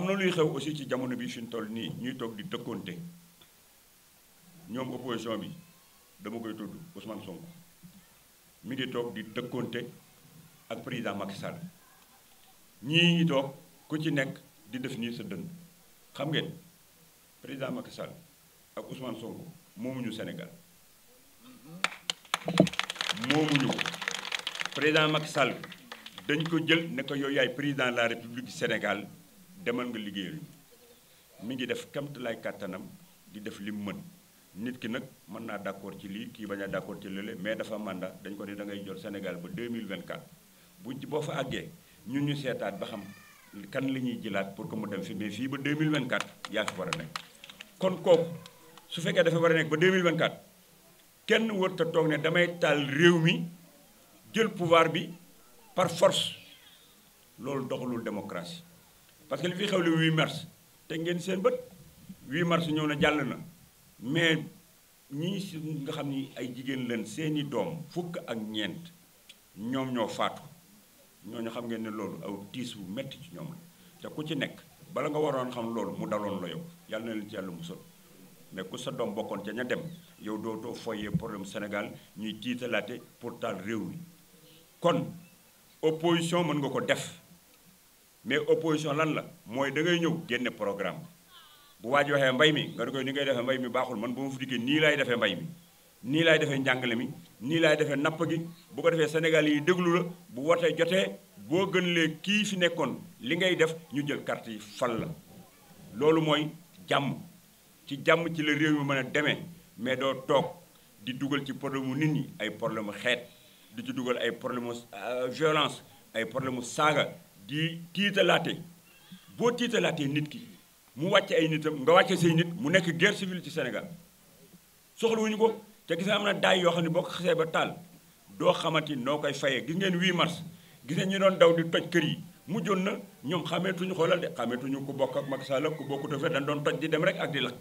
am na luy xew aussi ci jamono bi fi ñu toll nii ñuy toog di dëkkoonte ñoom opposition bi dama koy tudd Ousmane Sonko mi ngi toog di dëkkoonte ak président Macky Sall ñii ngi toog ku ci nekk di def nii sa dënn xam ngeen président Macky Sall ak Ousmane Sonko moomuñu Sénégal moomuñu ko président Macky dañ ko jël nekk ko yow yaay président la République du Sénégal demal nga liggéeyal mu ngi def kamtalaay kàttanam di def li mu mën nit ki nag mën naa d'accord ci lii kii bañ a d'accord ci lële mais dafa mandat dañ ko ne da ngay jot Sénégal ba 2024 bu boo fa àggee ñu ñu seetaat ba xam kan li ñuy jëlaat pour que mu dem fi mais fii ba 2024 yaa fi war a nekk kon kooku su fekkee dafa war a nekk ba 2024 kenn warut a toog ne damay taal réew mi jël pouvoir bi par force loolu doxalul démocratie parce que li fi xew le 8 mars te ngeen seen bët wii mars ñëw na jàll na mais ñii si nga xam ni ay jigéen leen seeni doom fukk ak ñeent ñoom ñoo faatu ñooñu xam ngeen ne loolu aw tiis wu metti ci ñoom la te ku ci nekk bala nga waroon xam loolu mu daloon la yow yàlla na leen ci yàlla musal mais ku sa doom bokkoon ca ña dem yow dootoo foyee problème senegal ñuy tiitalaate pour taal réew mi kon opposition mën nga ko def mais opposition lan la mooy dangay ngay ñëw génne programme bu waa ji waxee mbay mi nga ne koy ni ngay defee mbay mi baaxul man bu ma fi dikkee nii laay defee mbay mi nii laay defee njàngale mi nii laay defee napp gi bu ko defee Sénégal yi déglu la bu wootee jotee boo gën lee kii fi nekkoon li ngay def ñu jël carte yi fal la loolu mooy jàmm ci jàmm ci la réew mi mën a demee mais doo toog di dugal ci problème mu nit ñi ay problème mu xeet di ci dugal ay problème mu euh, violence ay problème mu saaga di tiitalaate boo tiitalaatee nit ki mu wàcce ay nitam nga wàcce say nit mu nekk guerre civile ci Sénégal soxlawuñu ko te gis nga am na daay yoo xam ne boo ko ba taal doo xamante noo koy fayee gis ngeen wii mars gis ngeen ñu doon daw di toj kër yi mu mujjoon na ñoom xameetuñu xoolal de xameetuñu ku bokk ak Macky Sall ku bokkut ak dañ doon toj di dem rek ak di lakk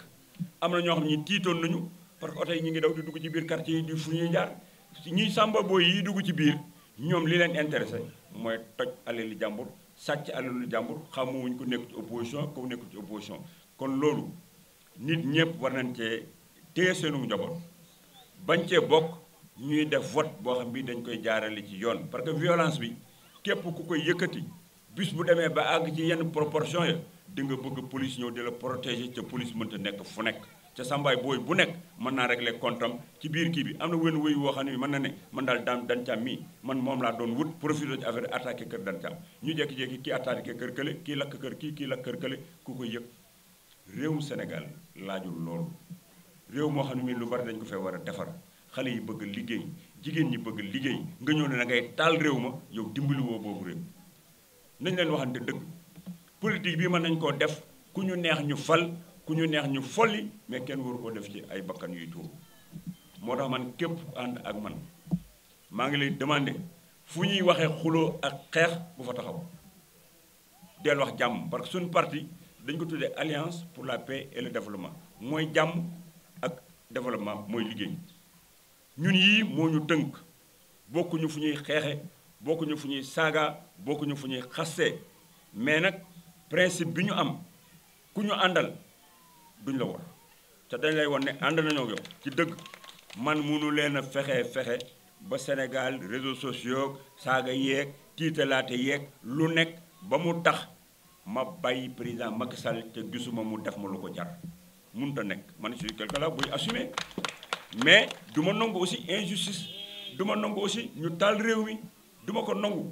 am na ñoo xam ñi tiitoon nañu parce que oto yi ñu ngi daw di dugg ci biir quartier yi di fu ñuy jaar ñuy sàmba booy yi dugg ci biir ñoom li leen intéressé mooy toj alali jàmbur sàcc alalu jàmbur xamuwuñ ko nekk ci opposition ko nekk ci opposition kon loolu nit ñëpp war nañ cee téye seenu njaboot bañ cee bokk ñuy def vote boo xam bi dañ koy jaarale ci yoon parce que violence bi képp ku koy yëkkati bis bu demee ba àgg ci yenn proportion ya di nga bëgg police ñëw di la protéger ca police mënta nekk fu nekk te Samba booy bu nekk mën naa régler compte am ci biir kii bi am na wenn wéy woo xam ne mën na ne man daal daan dancaam mii man moom laa doon wut profité ci affaire attaqué kër dancaam ñu jékki-jékki kii attaqué kër kële kii lakk kër kii kii lakk kër kële ku koy yëg réewum senegal laajul loolu réew moo xam ne mii lu bari dañ ko fee war a defar xale yi bëgg liggéey jigéen ñi bëgg liggéey nga ñëw ne da ngay taal réew ma yow dimbali woo boobu réew nañ leen waxante dëgg politique bi mën nañ koo def ku ñu neex ñu fal ku ñu neex ñu folli mais kenn waru koo def ci ay bakkan yuy tuuru moo tax man képp ànd ak man maa ngi lay demande fu ñuy waxee xuloo ak xeex bu fa taxaw del wax jàmm parce que suñu parti dañ ko tuddee alliance pour la paix et le développement mooy jàmm ak développement mooy liggéey ñun yii moo ñu tënk bokkuñu fu ñuy xeexe bokkuñu fu ñuy saaga bokkuñu fu ñuy xaste mais nag principe bi ñu am ku ñu àndal duñ la war te dañ lay woon ne ànd nañoo yow ci dëgg man munu leen a fexee fexe ba Sénégal réseaux sociaux saaga yeeg tiitalaate yeeg lu nekk ba mu tax ma bàyyi président Macky Sall te gisuma mu def ma lu ko jar munta nekk man je suis quelqu'un là buy assumer mais du ma nangu aussi injustice du ma nangu aussi ñu taal réew mi du ma ko nangu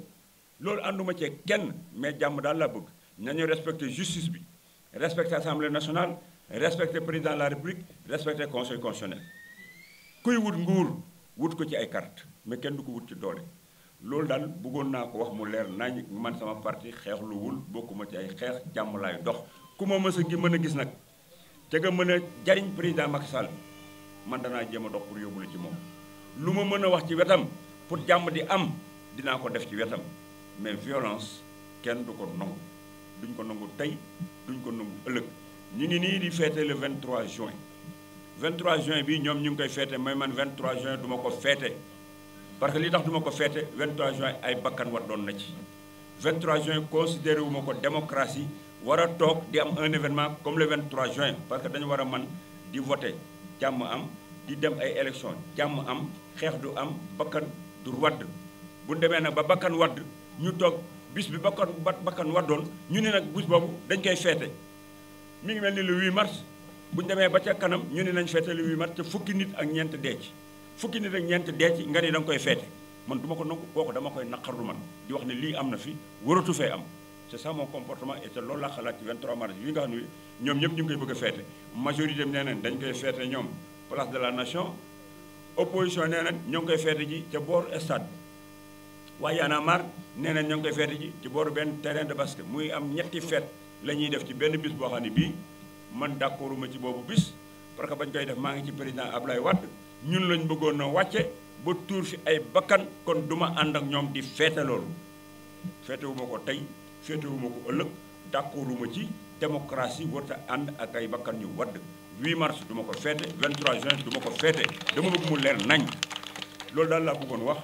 loolu ànduma ci kenn mais jàmm daal laa bëgg nañu respecte justice bi respecter assemblée nationale respecte président de la république respecter conseil constitutionnel kuy wut nguur wut ko ci ay kart mais kenn du ko wut ci doole loolu daal bëggoon naa ko wax mu leer nañ man sama parti xeexluwul bokkuma ci ay xeex jàmm laay dox ku ma mës gi mën a gis nag te nga mën a jariñ président Macky Sall man danaa jéem a dox pour yóbbu la ci moom lu ma mën a wax ci wetam pour jàmm di am dinaa ko def ci wetam mais violence kenn du ko nangu duñ ko nangu tey duñ ko nangu ëllëg ñu ngi nii di feete le 23 juin 23 juin bii ñoom ñu ngi koy feete may man 23 juin duma ko feete parce que li tax duma ko feete 23 juin ay bakkan war doon na ci vingt 23 juin considéré wu ma ko démocratie war a toog di am un événement comme le 23 juin parce que dañu war a man di voter jàmm am di dem ay élection jàmm am xeex du am bakkan du wadd bu demee nag ba bakkan wadd ñu toog bis bi bakkan ba bakkan waddoon ñu ne nag bis boobu dañ koy feete mi ngi mel ni le 8 mars bu ñu demee ba ca kanam ñu ne nañ feete le 8 mars te fukki nit ak ñeent deeci fukki nit ak ñeent deeci nga ni da nga koy feete man duma ko nangu kooku dama koy naqarlu man di wax ne lii am na fi waratu fee am c'est ça mon comportement et te loolu laa xalaat ci 23 mars yi nga xam ne ñoom ñëpp ñu ngi koy bëgg a feete majorité bi nee nañ dañ koy feete ñoom place de la nation opposition nee nañ ñoo ngi koy feete ji ca boor stade waaye Y'en a marre nee nañ ñoo ngi koy feete ji ci booru benn terrain de basket muy am ñetti feet la ñuy def ci benn bis boo xam bii man d'accorduma ci boobu bis parce que bañ koy def maa ngi ci président Ablaye Wade ñun lañu bëggoon na wàcce ba tuur fi ay bakkan kon du ma ànd ak ñoom di feete loolu feetewuma ko tey feetewuma ko ëllëg d'accorduma ci démocratie warta ànd ak ay bakkan yu wadd 8 mars duma ko feete 23 du ma ko feete dama bëgg leer nañ loolu daal laa bëggoon wax